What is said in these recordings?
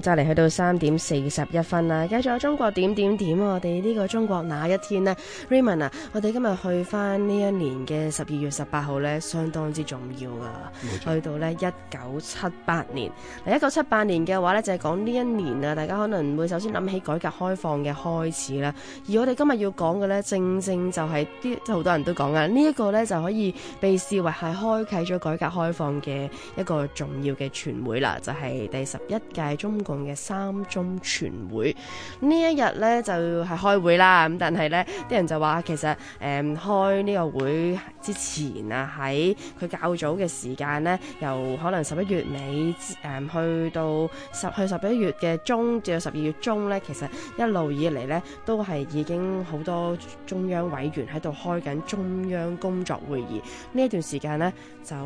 就嚟去到三點四十一分啦，繼續有中國點點點，我哋呢個中國那一天咧？Raymond 啊,我哋今日去翻呢一年嘅十二月十八號咧，相當之重要噶。啊，冇錯，去到咧一九七八年。一九七八年嘅話咧，就係講呢一年啊，大家可能會首先諗起改革開放嘅開始啦。嗯、而我哋今日要講嘅咧，正正就係啲好多人都講啊，這個、呢一個咧就可以被視為係開啟咗改革開放嘅一個重要嘅全會啦，就係、是、第十一屆中。共嘅三中全會呢一日呢，就係、是、開會啦。咁但係呢啲人就話其實誒、嗯、開呢個會之前啊，喺佢較早嘅時間呢，由可能十一月尾誒、嗯、去到十去十一月嘅中至到十二月中呢，其實一路以嚟呢，都係已經好多中央委員喺度開緊中央工作會議。呢一段時間呢，就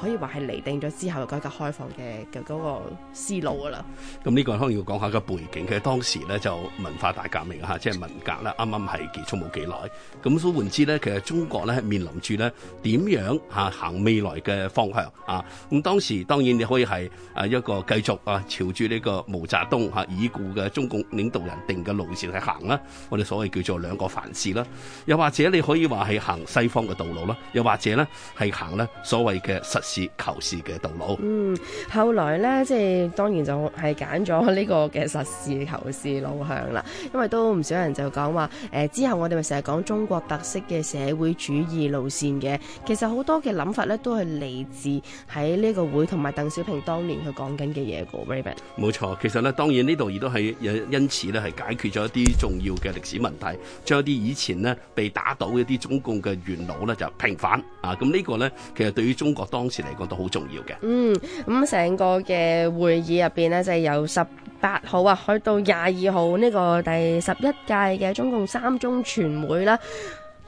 可以話係釐定咗之後改革、那個、開放嘅嘅嗰個思路噶啦。咁呢個可能要講下個背景，其實當時咧就文化大革命嚇，即係文革啦，啱啱係結束冇幾耐。咁所換之咧，其實中國咧係面臨住咧點樣嚇行未來嘅方向啊？咁當時當然你可以係誒一個繼續啊朝住呢個毛澤東嚇、啊、已故嘅中共領導人定嘅路線去行啦。我哋所謂叫做兩個凡是啦，又或者你可以話係行西方嘅道路啦，又或者咧係行咧所謂嘅實事求是嘅道路。嗯，後來咧即係當然就係、是。揀咗呢個嘅實事求是路向啦，因為都唔少人就講話誒，之後我哋咪成日講中國特色嘅社會主義路線嘅，其實好多嘅諗法咧都係嚟自喺呢個會同埋鄧小平當年佢講緊嘅嘢嘅。Raymond，冇錯，其實咧當然呢度亦都係因，因此咧係解決咗一啲重要嘅歷史問題，將一啲以前呢被打倒一啲中共嘅元老咧就平反啊，咁呢個咧其實對於中國當時嚟講都好重要嘅。嗯，咁成個嘅會議入邊咧就係。由十八號啊，去到廿二號呢個第十一屆嘅中共三中全會啦。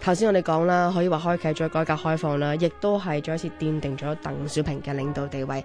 頭先我哋講啦，可以話開啟咗改革開放啦，亦都係再一次奠定咗鄧小平嘅領導地位。